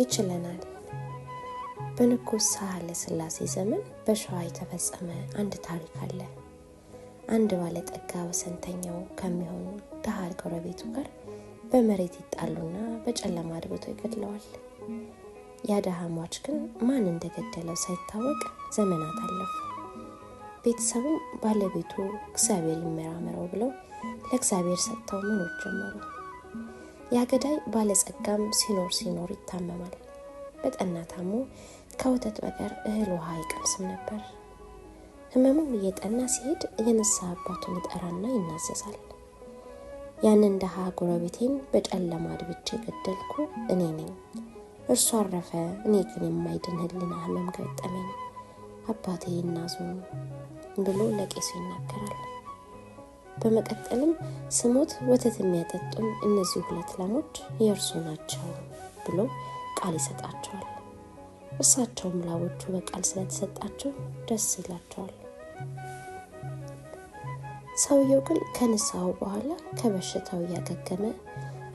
ይችለናል። በንጉሥ ሳህለ ሥላሴ ዘመን በሸዋ የተፈጸመ አንድ ታሪክ አለ። አንድ ባለጠጋ ወሰንተኛው ከሚሆኑ ድሃ ጎረቤቱ ጋር በመሬት ይጣሉና በጨለማ አድብቶ ይገድለዋል። ያ ድሃ ሟች ግን ማን እንደገደለው ሳይታወቅ ዘመናት አለፉ። ቤተሰቡም ባለቤቱ እግዚአብሔር ይመራመረው ብለው ለእግዚአብሔር ሰጥተው መኖር ጀመሩ። የአገዳይ ባለጸጋም ሲኖር ሲኖር ይታመማል። በጠና ታሞ ከወተት በቀር እህል ውሃ አይቀምስም ነበር። ህመሙም እየጠና ሲሄድ የንስሐ አባቱን ይጠራና ይናዘዛል። ያንን ድሃ ጎረቤቴን በጨለማ አድብቼ የገደልኩ እኔ ነኝ። እርሱ አረፈ፣ እኔ ግን የማይድን ህሊና ህመም ገጠመኝ። አባቴ ይናዙ ብሎ ለቄሱ ይናገራል። በመቀጠልም ስሞት ወተት የሚያጠጡን እነዚህ ሁለት ላሞች የእርሱ ናቸው ብሎ ቃል ይሰጣቸዋል። እሳቸውም ላሞቹ በቃል ስለተሰጣቸው ደስ ይላቸዋል። ሰውየው ግን ከንስሐው በኋላ ከበሽታው እያገገመ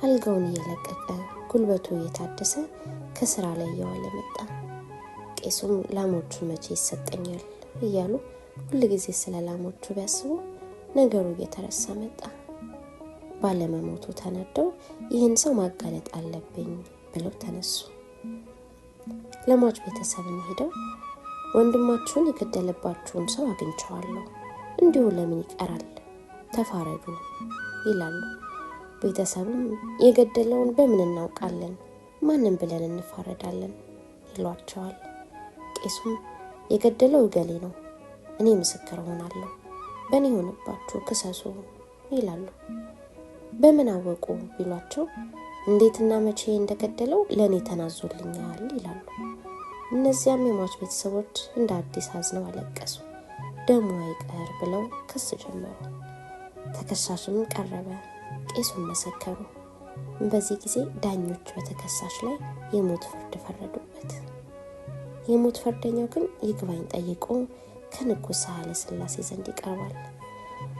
አልጋውን እየለቀቀ ጉልበቱ እየታደሰ ከስራ ላይ እየዋለ መጣ። ቄሱም ላሞቹ መቼ ይሰጠኛል እያሉ ጊዜ ስለ ላሞቹ ቢያስቡ ነገሩ እየተረሳ መጣ። ባለመሞቱ ተነደው ይህን ሰው ማጋለጥ አለብኝ ብለው ተነሱ። ለሟች ቤተሰብ ሄደው ወንድማችሁን የገደለባችሁን ሰው አግኝቸዋለሁ፣ እንዲሁ ለምን ይቀራል ተፋረዱ ይላሉ። ቤተሰብም የገደለውን በምን እናውቃለን? ማንም ብለን እንፋረዳለን ይሏቸዋል። ቄሱም የገደለው ገሌ ነው እኔ ምስክር እሆናለሁ። በእኔ ሆነባችሁ ክሰሱ ይላሉ። በምን አወቁ ቢሏቸው እንዴትና መቼ እንደገደለው ለእኔ ተናዞልኛል ይላሉ። እነዚያም የሟች ቤተሰቦች እንደ አዲስ አዝነው አለቀሱ። ደሙ አይቀር ብለው ክስ ጀመሩ። ተከሳሽም ቀረበ፣ ቄሱን መሰከሩ። በዚህ ጊዜ ዳኞች በተከሳሽ ላይ የሞት ፍርድ ፈረዱበት። የሞት ፍርደኛው ግን ይግባኝ ጠይቆ ከንጉሥ ኃይለ ሥላሴ ዘንድ ይቀርባል።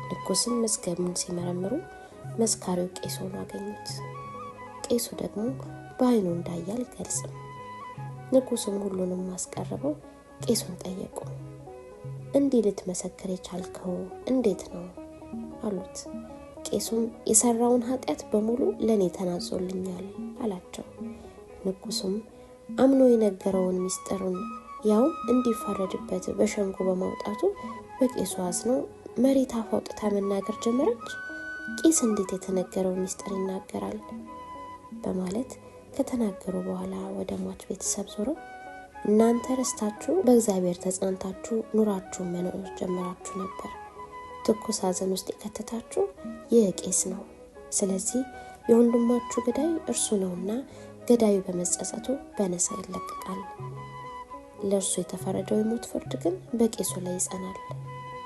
ንጉሥም መዝገቡን ሲመረምሩ መስካሪው ቄስ ሆኖ አገኙት። ቄሱ ደግሞ በዓይኑ እንዳየ አልገልጽም። ንጉሥም ሁሉንም አስቀርበው ቄሱን ጠየቁ። እንዲህ ልትመሰክር የቻልከው እንዴት ነው አሉት። ቄሱም የሰራውን ኃጢአት በሙሉ ለእኔ ተናዞልኛል አላቸው። ንጉሱም አምኖ የነገረውን ምስጢሩን ያው እንዲፈረድበት በሸንጎ በማውጣቱ በቄሱ አዝኖ መሬት አፋውጥታ መናገር ጀመረች። ቄስ እንዴት የተነገረው ሚስጥር ይናገራል በማለት ከተናገሩ በኋላ ወደ ሟች ቤተሰብ ዞረው እናንተ ርስታችሁ በእግዚአብሔር ተጽናንታችሁ ኑራችሁ መኖር ጀምራችሁ ነበር። ትኩስ ሐዘን ውስጥ የከተታችሁ ይህ ቄስ ነው። ስለዚህ የወንድማችሁ ገዳይ እርሱ ነውና ገዳዩ በመጸጸቱ በነሳ ይለቀቃል። ለእርሱ የተፈረደው የሞት ፍርድ ግን በቄሱ ላይ ይጸናል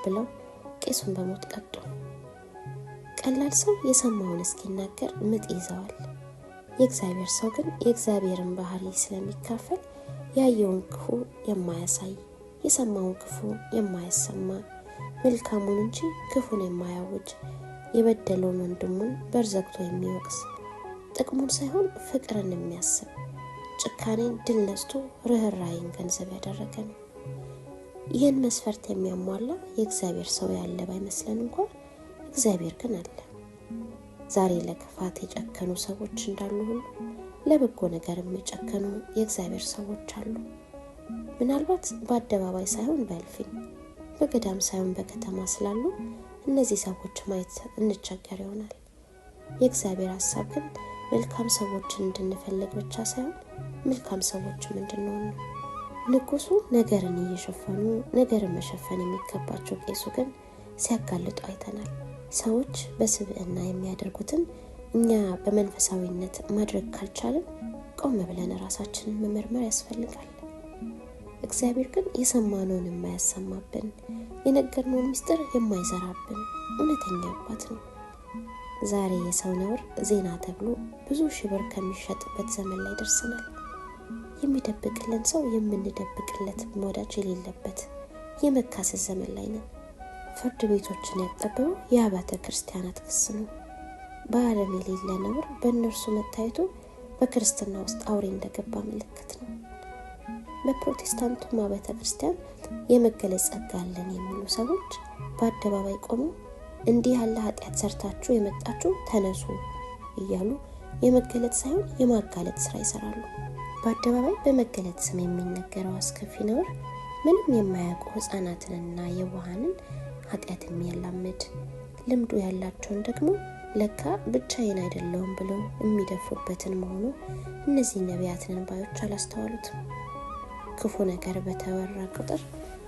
ብለው ቄሱን በሞት ቀጡ። ቀላል ሰው የሰማውን እስኪናገር ምጥ ይዘዋል። የእግዚአብሔር ሰው ግን የእግዚአብሔርን ባህሪ ስለሚካፈል ያየውን ክፉ የማያሳይ የሰማውን ክፉ የማያሰማ መልካሙን እንጂ ክፉን የማያውጅ የበደለውን ወንድሙን በርዘግቶ የሚወቅስ ጥቅሙን ሳይሆን ፍቅርን የሚያስብ ጭካኔን ድል ነስቶ ርኅራይን ገንዘብ ያደረገ ነው። ይህን መስፈርት የሚያሟላ የእግዚአብሔር ሰው ያለ ባይመስለን እንኳ እግዚአብሔር ግን አለ። ዛሬ ለክፋት የጨከኑ ሰዎች እንዳሉ ሁሉ ለበጎ ነገርም የጨከኑ የእግዚአብሔር ሰዎች አሉ። ምናልባት በአደባባይ ሳይሆን በእልፍኝ በገዳም ሳይሆን በከተማ ስላሉ እነዚህ ሰዎች ማየት እንቸገር ይሆናል። የእግዚአብሔር ሀሳብ ግን መልካም ሰዎችን እንድንፈልግ ብቻ ሳይሆን መልካም ሰዎች ምንድነው? ንጉሱ ነገርን እየሸፈኑ ነገርን መሸፈን የሚገባቸው ቄሱ ግን ሲያጋልጡ አይተናል። ሰዎች በስብዕና የሚያደርጉትን እኛ በመንፈሳዊነት ማድረግ ካልቻልን ቆም ብለን ራሳችንን መመርመር ያስፈልጋል። እግዚአብሔር ግን የሰማነውን የማያሰማብን የነገርነውን ምስጢር የማይዘራብን እውነተኛ አባት ነው። ዛሬ የሰው ነውር ዜና ተብሎ ብዙ ሺ ብር ከሚሸጥበት ዘመን ላይ ደርሰናል። የሚደብቅልን ሰው የምንደብቅለት ወዳጅ የሌለበት የመካሰስ ዘመን ላይ ነው። ፍርድ ቤቶችን ያጠበው የአብያተ ክርስቲያናት ክስ ነው። በዓለም የሌለ ነውር በእነርሱ መታየቱ በክርስትና ውስጥ አውሬ እንደገባ ምልክት ነው። በፕሮቴስታንቱም አብያተ ክርስቲያን የመገለጽ ጸጋ አለን የሚሉ ሰዎች በአደባባይ ቆመው እንዲህ ያለ ኃጢአት ሰርታችሁ የመጣችሁ ተነሱ እያሉ የመገለጥ ሳይሆን የማጋለጥ ስራ ይሰራሉ። በአደባባይ በመገለጥ ስም የሚነገረው አስከፊ ነውር ምንም የማያውቁ ሕፃናትንና የዋሃንን ኃጢአት የሚያላምድ ልምዱ ያላቸውን ደግሞ ለካ ብቻዬን አይደለውም ብለው የሚደፍሩበትን መሆኑ እነዚህ ነቢያትን ባዮች አላስተዋሉትም። ክፉ ነገር በተወራ ቁጥር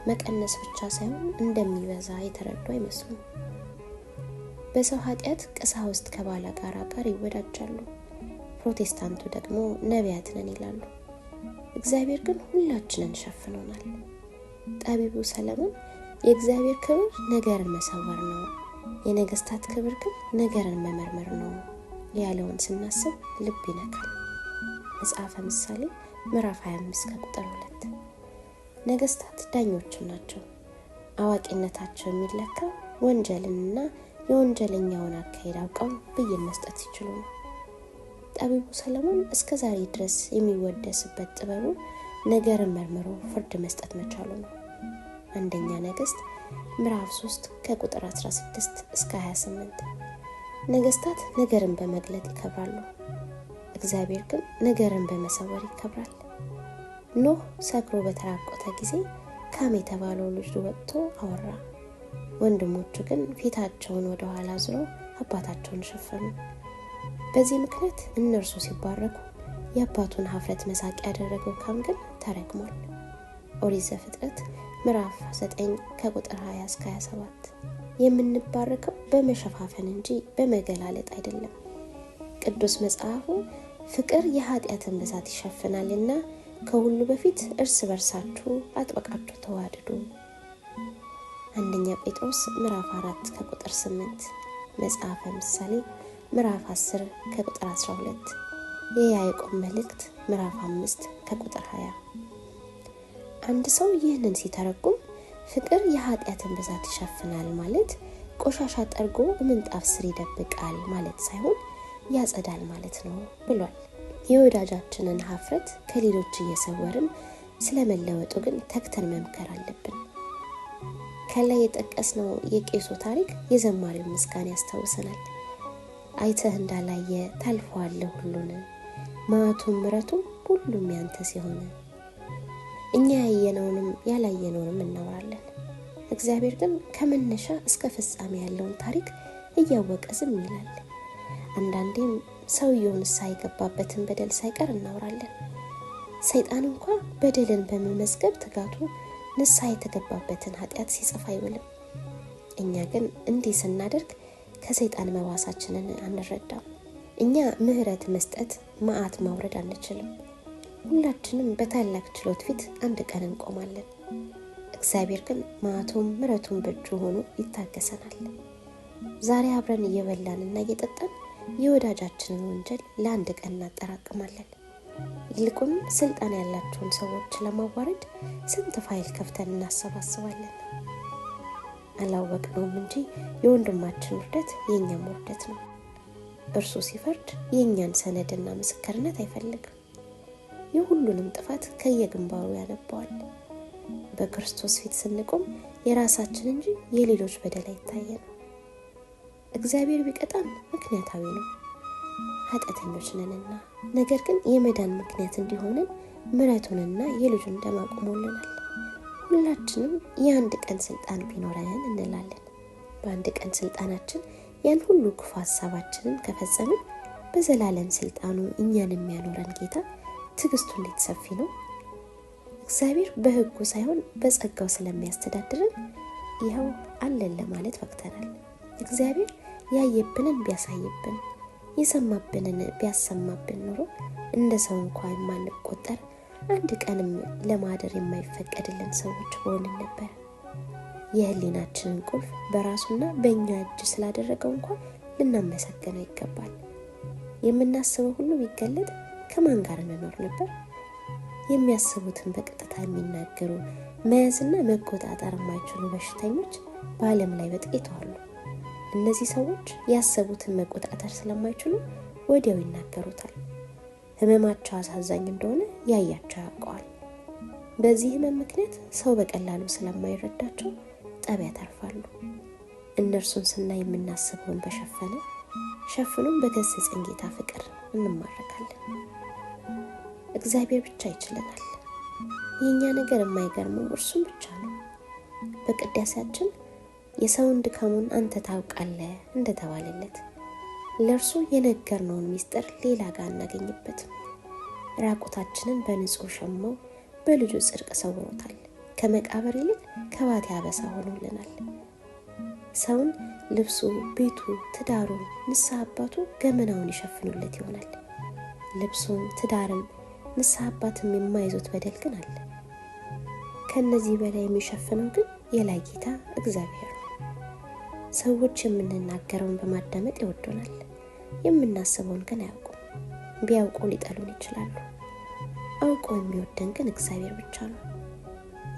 መቀነስ ብቻ ሳይሆን እንደሚበዛ የተረዱ አይመስሉም። በሰው ኃጢአት ቀሳውስት ከባላ ጋራ ጋር ይወዳጃሉ። ፕሮቴስታንቱ ደግሞ ነቢያት ነን ይላሉ። እግዚአብሔር ግን ሁላችንን ሸፍኖናል። ጠቢቡ ሰለሞን የእግዚአብሔር ክብር ነገርን መሰወር ነው፣ የነገስታት ክብር ግን ነገርን መመርመር ነው ያለውን ስናስብ ልብ ይነካል። መጽሐፈ ምሳሌ ምዕራፍ 25 ከቁጥር 2። ነገስታት ዳኞችም ናቸው። አዋቂነታቸው የሚለካ ወንጀልንና የወንጀለኛውን አካሄድ አውቀው ብይን መስጠት ይችሉ ነው። ጠቢቡ ሰለሞን እስከ ዛሬ ድረስ የሚወደስበት ጥበቡ ነገርን መርምሮ ፍርድ መስጠት መቻሉ ነው። አንደኛ ነገስት ምዕራፍ 3 ከቁጥር 16 እስከ 28። ነገስታት ነገርን በመግለጥ ይከብራሉ፣ እግዚአብሔር ግን ነገርን በመሰወር ይከብራል። ኖህ ሰክሮ በተራቆተ ጊዜ ካም የተባለው ልጁ ወጥቶ አወራ። ወንድሞቹ ግን ፊታቸውን ወደ ኋላ አዙረው አባታቸውን ሸፈኑ። በዚህ ምክንያት እነርሱ ሲባረኩ የአባቱን ሀፍረት መሳቅ ያደረገው ካም ግን ተረግሟል። ኦሪት ዘፍጥረት ምዕራፍ 9 ከቁጥር 20 እስከ 27። የምንባረከው በመሸፋፈን እንጂ በመገላለጥ አይደለም። ቅዱስ መጽሐፉ ፍቅር የኃጢአትን ብዛት እና ከሁሉ በፊት እርስ በርሳችሁ አጥበቃችሁ ተዋድዱ አንደኛ ጴጥሮስ ምዕራፍ 4 ከቁጥር 8፣ መጽሐፈ ምሳሌ ምዕራፍ 10 ከቁጥር 12፣ የያዕቆብ መልእክት ምዕራፍ 5 ከቁጥር 20። አንድ ሰው ይህንን ሲተረጉም ፍቅር የኃጢአትን ብዛት ይሸፍናል ማለት ቆሻሻ ጠርጎ ምንጣፍ ስር ይደብቃል ማለት ሳይሆን ያጸዳል ማለት ነው ብሏል። የወዳጃችንን ሀፍረት ከሌሎች እየሰወርን ስለመለወጡ ግን ተክተን መምከር አለብን። ከላይ የጠቀስነው የቄሱ ታሪክ የዘማሪው ምስጋና ያስታውሰናል። አይተህ እንዳላየ ታልፈዋለህ ሁሉን ማቱ ምረቱ ሁሉም ያንተ ሲሆን እኛ ያየነውንም ያላየነውንም እናወራለን። እግዚአብሔር ግን ከመነሻ እስከ ፍጻሜ ያለውን ታሪክ እያወቀ ዝም ይላል። አንዳንዴም ሰውየውን ሳይገባበትን በደል ሳይቀር እናወራለን። ሰይጣን እንኳ በደልን በመመዝገብ ትጋቱ ንስሐ የተገባበትን ኃጢአት ሲጽፍ አይውልም። እኛ ግን እንዲህ ስናደርግ ከሰይጣን መባሳችንን አንረዳም። እኛ ምህረት መስጠት መዓት ማውረድ አንችልም። ሁላችንም በታላቅ ችሎት ፊት አንድ ቀን እንቆማለን። እግዚአብሔር ግን መዓቱም ምረቱም በእጁ ሆኖ ይታገሰናል። ዛሬ አብረን እየበላንና እየጠጣን የወዳጃችንን ወንጀል ለአንድ ቀን እናጠራቅማለን። ይልቁም ስልጣን ያላቸውን ሰዎች ለማዋረድ ስንት ፋይል ከፍተን እናሰባስባለን። አላወቅነውም እንጂ የወንድማችን ውርደት የእኛም ውርደት ነው። እርሱ ሲፈርድ የእኛን ሰነድና ምስክርነት አይፈልግም። የሁሉንም ጥፋት ከየግንባሩ ያነባዋል። በክርስቶስ ፊት ስንቆም የራሳችን እንጂ የሌሎች በደል አይታየንም። እግዚአብሔር ቢቀጣም ምክንያታዊ ነው። ኃጢአተኞች ነንና፣ ነገር ግን የመዳን ምክንያት እንዲሆንን ምረቱንና የልጁን ደም አቁሞልናል። ሁላችንም የአንድ ቀን ስልጣን ቢኖረን እንላለን። በአንድ ቀን ስልጣናችን ያን ሁሉ ክፉ ሀሳባችንን ከፈጸምን በዘላለም ስልጣኑ እኛን የሚያኖረን ጌታ ትዕግስቱ እንዴት ሰፊ ነው! እግዚአብሔር በሕጉ ሳይሆን በጸጋው ስለሚያስተዳድርን ይኸው አለን ለማለት በቅተናል። እግዚአብሔር ያየብንን ቢያሳይብን የሰማብንን ቢያሰማብን ኑሮ እንደ ሰው እንኳ የማንቆጠር አንድ ቀንም ለማደር የማይፈቀድልን ሰዎች ሆንን ነበር። የህሊናችንን ቁልፍ በራሱና በእኛ እጅ ስላደረገው እንኳ ልናመሰግነው ይገባል። የምናስበው ሁሉ ቢገለጥ ከማን ጋር እንኖር ነበር? የሚያስቡትን በቀጥታ የሚናገሩ መያዝና መቆጣጠር የማይችሉ በሽተኞች በዓለም ላይ በጥቂቱ አሉ። እነዚህ ሰዎች ያሰቡትን መቆጣጠር ስለማይችሉ ወዲያው ይናገሩታል። ህመማቸው አሳዛኝ እንደሆነ ያያቸው ያውቀዋል። በዚህ ህመም ምክንያት ሰው በቀላሉ ስለማይረዳቸው ጠብ ያተርፋሉ። እነርሱን ስናይ የምናስበውን በሸፈነ ሸፍኑም በገሰጸን ጌታ ፍቅር እንማረካለን። እግዚአብሔር ብቻ ይችለናል። የእኛ ነገር የማይገርመው እርሱም ብቻ ነው። በቅዳሴያችን የሰውን ድካሙን አንተ ታውቃለህ እንደተባለለት ለእርሱ የነገርነውን ምስጢር ሌላ ጋር አናገኝበትም። ራቁታችንን በንጹሕ ሸሞ በልጁ ጽድቅ ሰውሮታል። ከመቃብር ይልቅ ከባቴ አበሳ ሆኖልናል። ሰውን ልብሱ፣ ቤቱ፣ ትዳሩ፣ ንስሐ አባቱ ገመናውን ይሸፍኑለት ይሆናል። ልብሱም ትዳርም ንስሐ አባትም የማይዞት በደል ግን አለ። ከእነዚህ በላይ የሚሸፍነው ግን የላይ ጌታ እግዚአብሔር ነው። ሰዎች የምንናገረውን በማዳመጥ ይወዱናል፣ የምናስበውን ግን አያውቁም። ቢያውቁ ሊጠሉን ይችላሉ። አውቆ የሚወደን ግን እግዚአብሔር ብቻ ነው።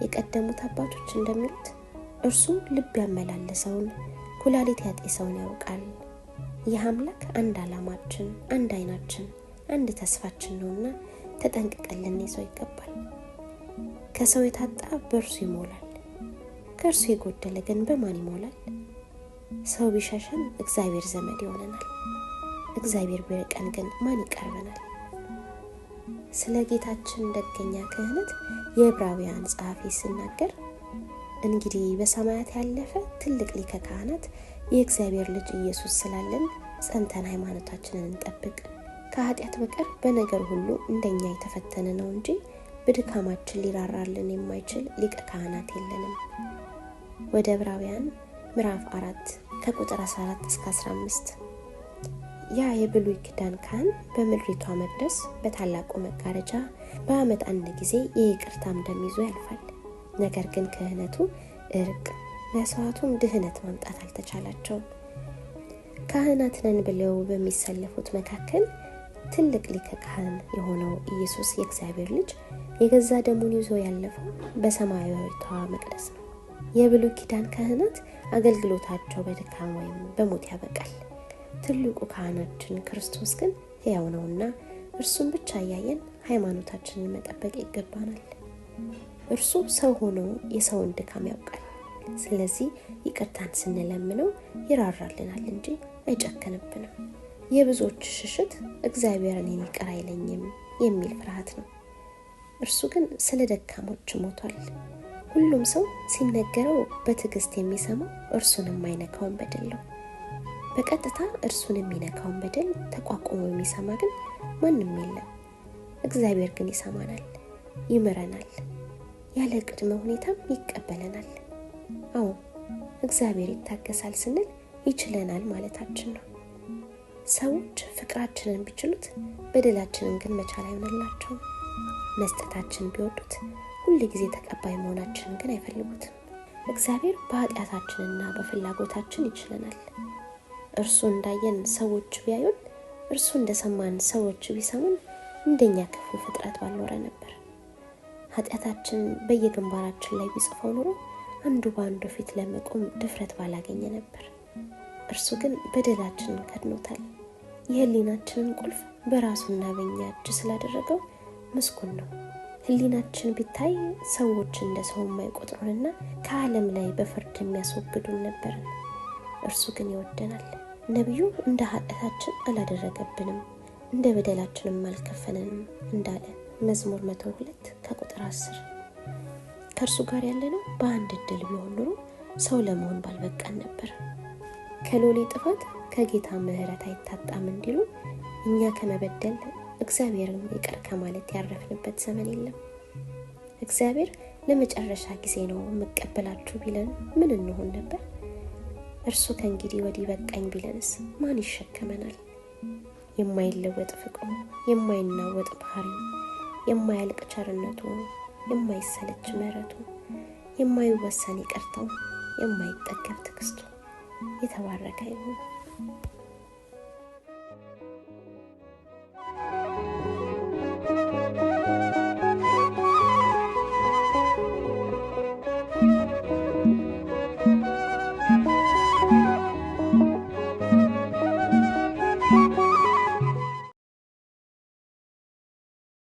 የቀደሙት አባቶች እንደሚሉት እርሱ ልብ ያመላለሰውን ኩላሊት ያጤሰውን ያውቃል። ይህ አምላክ አንድ ዓላማችን፣ አንድ ዓይናችን፣ አንድ ተስፋችን ነውና ተጠንቅቀን ልንይዘው ይገባል። ከሰው የታጣ በእርሱ ይሞላል፣ ከእርሱ የጎደለ ግን በማን ይሞላል? ሰው ቢሸሸን እግዚአብሔር ዘመድ ይሆነናል። እግዚአብሔር ቢርቀን ግን ማን ይቀርበናል? ስለ ጌታችን ደገኛ ክህነት የዕብራውያን ጸሐፊ ሲናገር እንግዲህ በሰማያት ያለፈ ትልቅ ሊቀ ካህናት የእግዚአብሔር ልጅ ኢየሱስ ስላለን ጸንተን ሃይማኖታችንን እንጠብቅ። ከኃጢአት በቀር በነገር ሁሉ እንደኛ የተፈተነ ነው እንጂ በድካማችን ሊራራልን የማይችል ሊቀ ካህናት የለንም። ወደ ዕብራውያን ምዕራፍ አራት ከቁጥር 14 እስከ 15 ያ የብሉይ ኪዳን ካህን በምድሪቷ መቅደስ በታላቁ መጋረጃ በአመት አንድ ጊዜ የይቅርታ አምደም ይዞ ያልፋል። ነገር ግን ክህነቱ እርቅ፣ መስዋዕቱም ድህነት ማምጣት አልተቻላቸውም። ካህናት ነን ብለው በሚሰለፉት መካከል ትልቅ ሊቀ ካህን የሆነው ኢየሱስ የእግዚአብሔር ልጅ የገዛ ደሙን ይዞ ያለፈው በሰማያዊቷ መቅደስ ነው። የብሉይ ኪዳን ካህናት አገልግሎታቸው በድካም ወይም በሞት ያበቃል። ትልቁ ካህናችን ክርስቶስ ግን ሕያው ነውና እርሱን ብቻ እያየን ሃይማኖታችንን መጠበቅ ይገባናል። እርሱ ሰው ሆኖ የሰውን ድካም ያውቃል። ስለዚህ ይቅርታን ስንለምነው ይራራልናል እንጂ አይጨክንብንም። የብዙዎች ሽሽት እግዚአብሔር እኔን ይቅር አይለኝም የሚል ፍርሃት ነው። እርሱ ግን ስለ ደካሞች ሞቷል። ሁሉም ሰው ሲነገረው በትዕግስት የሚሰማ እርሱን የማይነካውን በደል ነው። በቀጥታ እርሱን የሚነካውን በደል ተቋቁሞ የሚሰማ ግን ማንም የለም። እግዚአብሔር ግን ይሰማናል፣ ይምረናል፣ ያለ ቅድመ ሁኔታም ይቀበለናል። አዎ እግዚአብሔር ይታገሳል ስንል ይችለናል ማለታችን ነው። ሰዎች ፍቅራችንን ቢችሉት በደላችንን ግን መቻል አይሆንላቸውም። መስጠታችን ቢወዱት ሁል ጊዜ ተቀባይ መሆናችንን ግን አይፈልጉትም። እግዚአብሔር በኃጢአታችንና በፍላጎታችን ይችለናል። እርሱ እንዳየን ሰዎች ቢያዩን፣ እርሱ እንደሰማን ሰዎች ቢሰሙን እንደኛ ክፉ ፍጥረት ባልኖረ ነበር። ኃጢአታችን በየግንባራችን ላይ ቢጽፈው ኖሮ አንዱ በአንዱ ፊት ለመቆም ድፍረት ባላገኘ ነበር። እርሱ ግን በደላችንን ከድኖታል። የህሊናችንን ቁልፍ በራሱና በእኛ እጅ ስላደረገው ምስጉን ነው። ህሊናችን ቢታይ ሰዎች እንደ ሰው የማይቆጥሩንና ከዓለም ላይ በፍርድ የሚያስወግዱን ነበርን። እርሱ ግን ይወደናል። ነቢዩ እንደ ኃጢአታችን አላደረገብንም፣ እንደ በደላችንም አልከፈለንም እንዳለ መዝሙር መቶ ሁለት ከቁጥር አስር ከእርሱ ጋር ያለነው በአንድ እድል ቢሆን ኑሮ ሰው ለመሆን ባልበቃን ነበር። ከሎሌ ጥፋት ከጌታ ምሕረት አይታጣም እንዲሉ እኛ ከመበደል እግዚአብሔርን ይቅር ከማለት ያረፍንበት ዘመን የለም። እግዚአብሔር ለመጨረሻ ጊዜ ነው የምቀበላችሁ ቢለን ምን እንሆን ነበር? እርሱ ከእንግዲህ ወዲህ በቃኝ ቢለንስ ማን ይሸከመናል? የማይለወጥ ፍቅሩ፣ የማይናወጥ ባህሪ የማያልቅ ቸርነቱ፣ የማይሰለች ምሕረቱ፣ የማይወሰን ይቅርታው፣ የማይጠገብ ትክስቱ የተባረከ ይሁን።